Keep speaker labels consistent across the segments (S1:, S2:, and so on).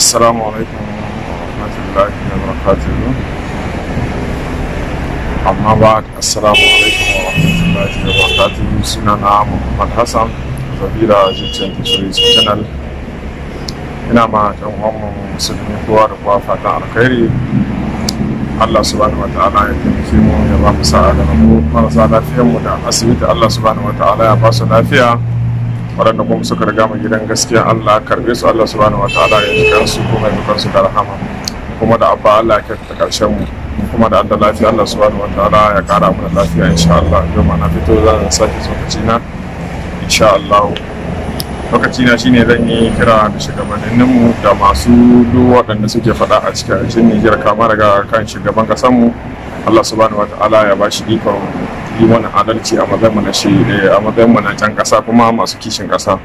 S1: السلام عليكم ورحمة الله وبركاته أما بعد السلام عليكم ورحمة الله وبركاته سننا محمد حسن zabira zuciyar tishiris channel ina ma ɗan uwan musulmi kowa da kowa fatan alkhairi Allah subhanahu wataala ya taimake mu ya ba mu sa'a da mu marasa lafiyar da asibiti Allah ya ba su lafiya waɗanda kuma suka riga mu gidan gaskiya Allah karbe su Allah subhanahu wataala ya jikan su kuma ya dukan su da rahama kuma da abba Allah ya ta karshen mu kuma da adda lafiya Allah subhanahu wataala ya kara mu da lafiya insha Allah yau ma na fito zan sake lokaci na insha Allah lokaci na shine zan yi kira da shugabannin mu da masu duk waɗanda suke faɗa a cikin Nijar kama daga kan shugaban ƙasar mu Allah subhanahu wataala ya bashi ikon yi mana adalci a matsayin mu na can eh, ƙasa kuma masu kishin ƙasa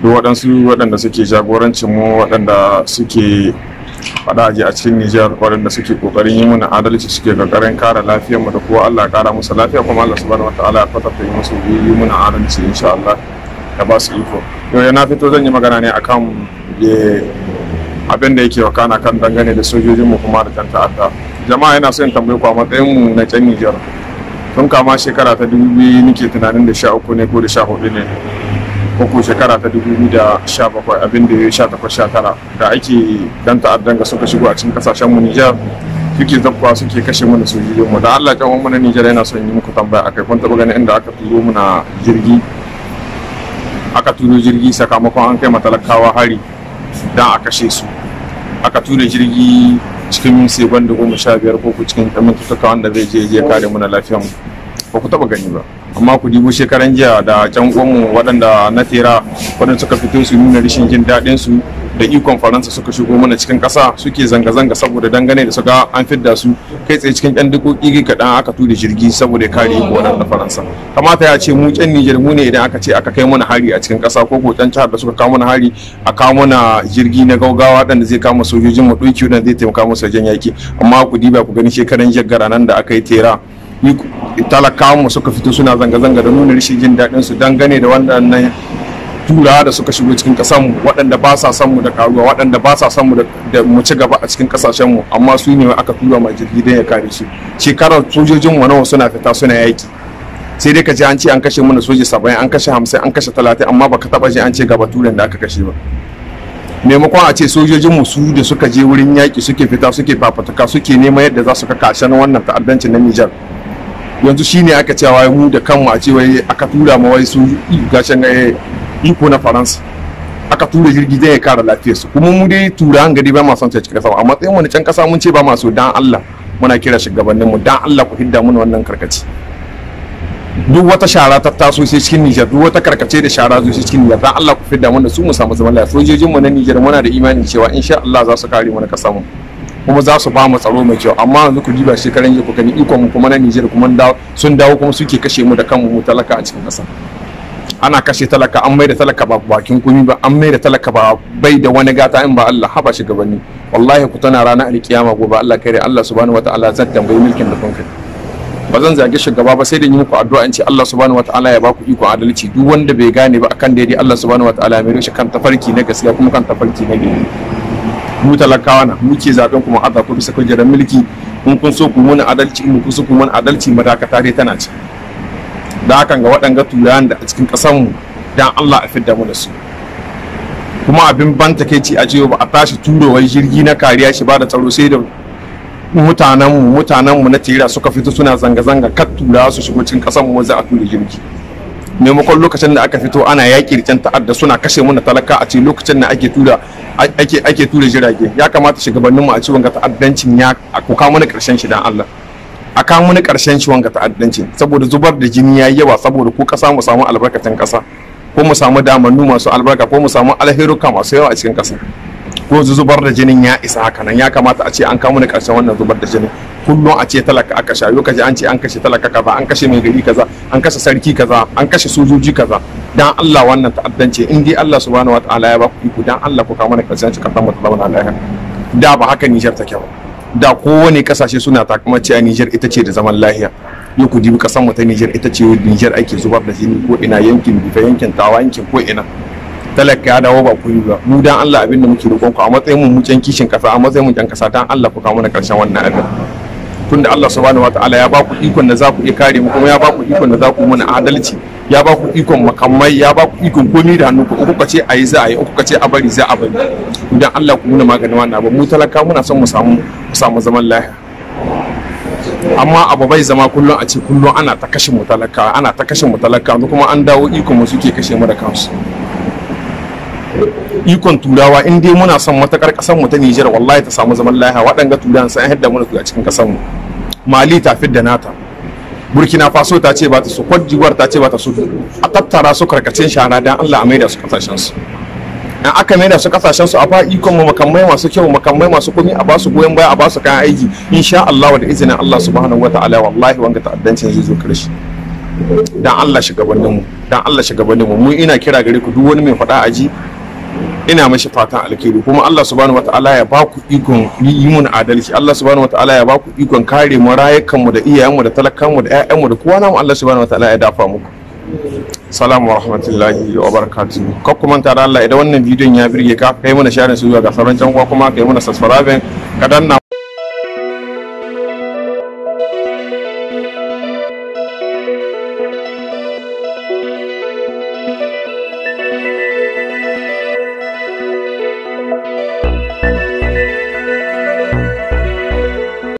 S1: duk waɗansu waɗanda suke jagorancin mu waɗanda suke faɗa a cikin Nijar waɗanda suke ƙoƙarin yi mana adalci suke ƙoƙarin kare lafiyarmu da kuwa Allah ƙara musu lafiya kuma Allah subhanahu wataala ya kwatanta yi musu yi mana adalci insha Allah ya ba su iko. Yau na fito zan yi magana ne akan eh, abin da yake wakana kan dangane da sojojinmu kuma da can ta'adda. Jama'a yana son tambayi ku a matsayinmu na can Nijar. tun kama shekara ta dubu biyu nake tunanin da sha uku ne ko da sha hudu ne ko ko shekara ta dubu biyu da sha bakwai abin da ya sha takwas sha tara da ake dan ta'addan ga suka shigo a cikin kasashen mu Nijar suke suke kashe mana sojojin mu da Allah kan mu na Nijar yana son yi muku tambaya akai kun taba ganin inda aka turo muna jirgi aka turo jirgi sakamakon an kai matalakawa hari dan a kashe su aka tura jirgi cikin yin wanda goma sha biyar ko ku cikin ɗan mutuka wanda zai je je kare mu na lafiyanmu ba ku taɓa gani ba amma ku dibo shekaran jiya da can uwanmu waɗanda na tera waɗanda suka fito su nuna rashin jin daɗin su da ikon faransa suka shigo mana cikin kasa suke zanga-zanga saboda dangane da suka an fidda su kai tsaye cikin ɗan dukoki kaɗan aka tura jirgi saboda kare iko da faransa kamata ya ce mu ƙyan nijar mu ne idan aka ce aka kai mana hari a cikin kasa ko ko ƙyan jihar da suka kawo mana hari a kawo mana jirgi na gaugawa da zai kama sojojin mu ɗauki waɗanda zai taimaka musu wajen yaƙi amma ku diba ku gani shekaran jaggara nan da aka yi tera talakawa mu suka fito suna zanga-zanga da nuna rashin jin daɗin su dangane da wannan tura da suka shigo cikin mu waɗanda ba sa sanmu mu da karuwa waɗanda ba sa sanmu mu da mu ci gaba a cikin kasashenmu amma su ne aka tura ma jirgin don ya kare su shekarar sojojin mu nawa suna fita suna yaƙi. sai dai ka ji an ce an kashe mana soji saba'in an kashe hamsin an kashe talatin amma baka taba ji an ce gaba turan da aka kashe ba maimakon a ce sojojin mu su da suka je wurin yaƙi suke fita suke fafatuka suke nema yadda za su ka kashen wannan ta'addanci na Nijar yanzu shine aka cewa mu da kanmu a ce wai aka tura ma wai su gashin eh, iko na faransa aka tura jirgi zai kara lafiyarsu kuma mu dai tura an gari ba ma son cikin sama a matsayin wani can kasa mun ce ba ma so dan Allah muna kira shugabannin mu dan Allah ku hidda mun wannan karkaci duk wata shara ta taso sai cikin Niger duk wata karkace da shara zo sai cikin Nijar dan Allah ku fidda mun da su mu samu zaman lafiya sojojin mu na Nijar muna da imani cewa insha Allah za su kare mu na kasar mu kuma za su ba mu tsaro mai kyau amma yanzu ku ba shekaran yi ku gani ikon mu kuma na Nijar kuma sun dawo kuma suke kashe mu da kanmu mu talaka a cikin kasa ana kashe talaka an mai da talaka ba bakin kumi ba an mai da talaka ba bai da wani gata in ba Allah haba shi gabanni wallahi ku tana ranar alkiyama gobe Allah kare Allah subhanahu wataala zan tambayi mulkin da kun ba zan zage shugaba ba sai da yi muku addu'a in ce Allah subhanahu wataala ya baku iko adalci duk wanda bai gane ba akan daidai Allah subhanahu wataala ya mai rushe kan tafarki na gaskiya kuma kan tafarki na gari mu talakawa na muke zaben kuma Allah, ku bisa kujerar mulki in kun so ku muna adalci in kun so ku muna adalci madaka tare tana ci da hakan ga waɗanga turayen da a cikin mu, don Allah a fidda mu da su kuma abin ban takeici a cewa ba a tashi turowar jirgi na kariya shi ba da tsaro sai da mutanenmu mutanenmu na tira suka fito suna zanga-zanga kat turawa su shigo cikin mu za a tura jirgi maimakon lokacin da aka fito ana yaƙi da ta'adda suna kashe mana talaka a ce lokacin da ake tura ake ake tura jirage ya kamata shugabanninmu a ciwon ga ta'addancin ya kuka mana ƙarshen shi dan Allah a kawo wani ƙarshen shi wanga ta'addanci saboda zubar da jini ya yi yawa saboda ko ƙasa mu samu albarkacin ƙasa ko mu samu damannu masu albarka ko mu samu alheruka masu yawa a cikin ƙasa ko zubar da jinin ya isa hakanan, ya kamata a ce an kawo wani ƙarshen wannan zubar da jinin kullum a ce talaka aka sha yau an ce an kashe talaka kaza an kashe mai gari kaza an kashe sarki kaza an kashe sojoji kaza dan Allah wannan ta'addanci in dai Allah subhanahu wataala ya ba ku iko dan Allah ku kawo mana ƙarshen shi ka samu talaka da ba haka Nijar take ba da kowane kasashe suna takamaciya Nijar ita ce da zaman lahiya yau ku jibi kasan mu ta Nijar ita ce Nijar ake zubar da jini ko ina yankin bifa yankin tawa yankin ko ina talaka ya dawo ba yi ba mu dan Allah abin da muke roƙon ku a matsayin mu mu kishin kasa a matsayin mu kasa dan Allah ku kawo mana ƙarshen wannan abin tunda Allah subhanahu wataala ya baku ikon da za iya kare mu kuma ya baku ikon da za ku mana adalci ya baku ikon makamai ya baku ikon komi da hannu ku kuka ce a yi za a yi kuka ce a bari za a bari idan Allah ku nuna maganin wannan abu mu talaka muna son mu samu mu samu zaman lafiya amma abu bai zama kullum a ce kullum ana ta kashe mu talaka ana ta kashe mu talaka kuma an dawo ikon mu suke kashe mu da kansu ikon turawa in dai muna son matakar kasan mu ta Nijar wallahi ta samu zaman lafiya waɗanga turan sun haɗa muna a cikin kasan mu Mali ta fidda nata Burkina Faso ta ce ba ta so Cote d'Ivoire ta ce ba ta so a tattara su karkacin shara dan Allah a maida su kasashen su in aka maida su kasashen su a ba ikon mu makamai masu kyau makamai masu komi a ba su goyon baya a ba su kayan aiki insha Allah da izinin Allah subhanahu wataala wallahi wanga ta'addancin zai zo karshe dan Allah shugabanninmu dan Allah shugabanninmu mu ina kira gare ku duk wani mai faɗa aji ina mashi fatan alkhairi kuma Allah subhanahu wataala ya ba ku ikon yi mun adalci Allah subhanahu wataala ya ba ku ikon kare mu rayukan mu da iyayen mu da talakan mu da ƴaƴan mu da kowa namu Allah subhanahu wataala ya dafa muku salamu wa rahmatullahi wa barakatuh ka kuma da Allah idan wannan bidiyon ya birge ka kai mana share su zuwa ga sauran can kuma kai mana subscribe ka danna